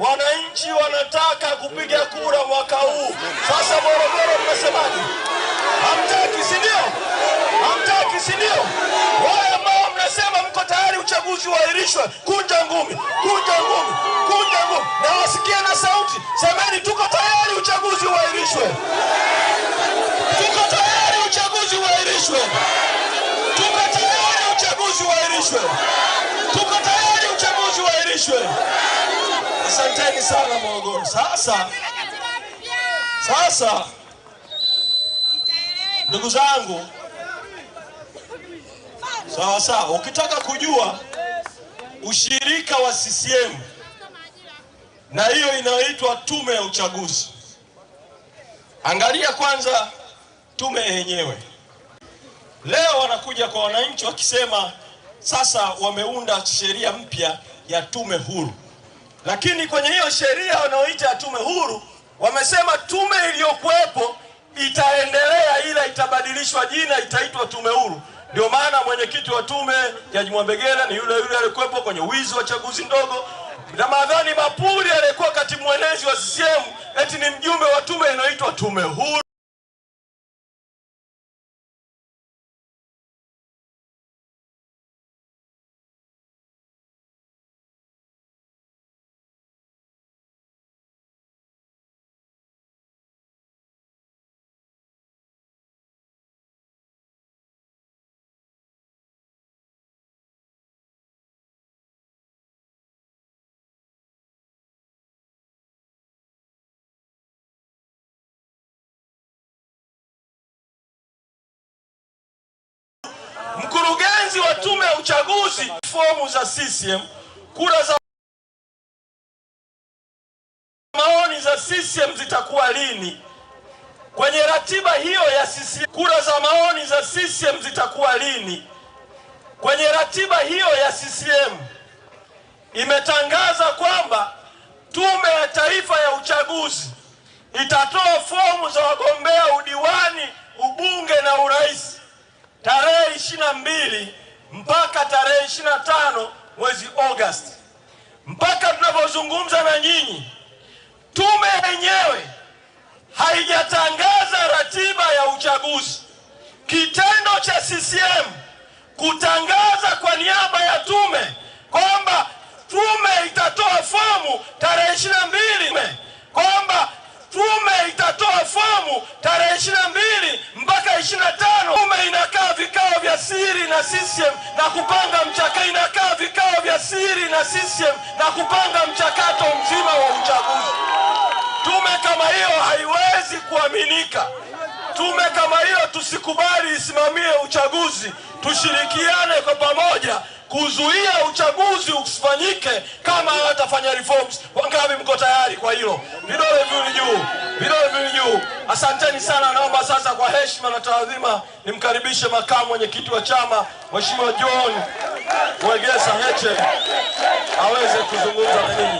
Wananchi wanataka kupiga kura mwaka huu. Sasa Morogoro mnasemaje? Hamtaki, si ndio? Hamtaki, si ndio? Wale ambao mnasema mko tayari uchaguzi uahirishwe, kunja ngumi, kunja ngumi, kunja ngumi, na na sauti, semeni tuko tayari uchaguzi uahirishwe, tuko tayari uchaguzi uahirishwe, tuko tayari uchaguzi uahirishwe, tuko tayari uchaguzi uahirishwe. Asanteni sana Morogoro. Sasa sasa, ndugu zangu, sawa sawa, ukitaka kujua ushirika wa CCM na hiyo inayoitwa tume ya uchaguzi, angalia kwanza tume yenyewe. Leo wanakuja kwa wananchi wakisema sasa wameunda sheria mpya ya tume huru. Lakini kwenye hiyo sheria wanaoita tume huru wamesema tume iliyokuwepo itaendelea, ila itabadilishwa jina, itaitwa tume huru. Ndio maana mwenyekiti wa tume Jaji Mwambegela ni yule yule aliyekuwepo kwenye wizi wa chaguzi ndogo. na Ramadhani Mapuri aliyekuwa katibu mwenezi wa CCM eti ni mjumbe wa tume inayoitwa tume huru. Mkurugenzi wa Tume ya Uchaguzi, fomu za CCM, kura za maoni za CCM zitakuwa lini? Kwenye ratiba hiyo ya CCM, kura za maoni za CCM zitakuwa lini? Kwenye ratiba hiyo ya CCM imetangaza kwamba Tume ya Taifa ya Uchaguzi itatoa fomu za wagombea udiwani, ubunge na urais tarehe ishirini na mbili mpaka tarehe ishirini na tano mwezi Agosti. Mpaka tunapozungumza na nyinyi, tume yenyewe haijatangaza ratiba ya uchaguzi. Kitendo cha CCM kutangaza kwa niaba ya tume kwamba tume itatoa siri na CCM na kupanga mchakato, inakaa vikao vya siri na CCM na kupanga mchakato mzima wa uchaguzi. Tume kama hiyo haiwezi kuaminika. Tume kama hiyo tusikubali isimamie uchaguzi. Tushirikiane kwa pamoja kuzuia uchaguzi usifanyike kama watafanya reforms. Wangapi mko tayari kwa hilo? Vidole juu, vidoe vijuu. Asanteni sana. Naomba sasa kwa heshima na taadhima nimkaribishe makamu mwenyekiti wa chama Mheshimiwa John Mwegesa Heche aweze kuzungumza na nyinyi.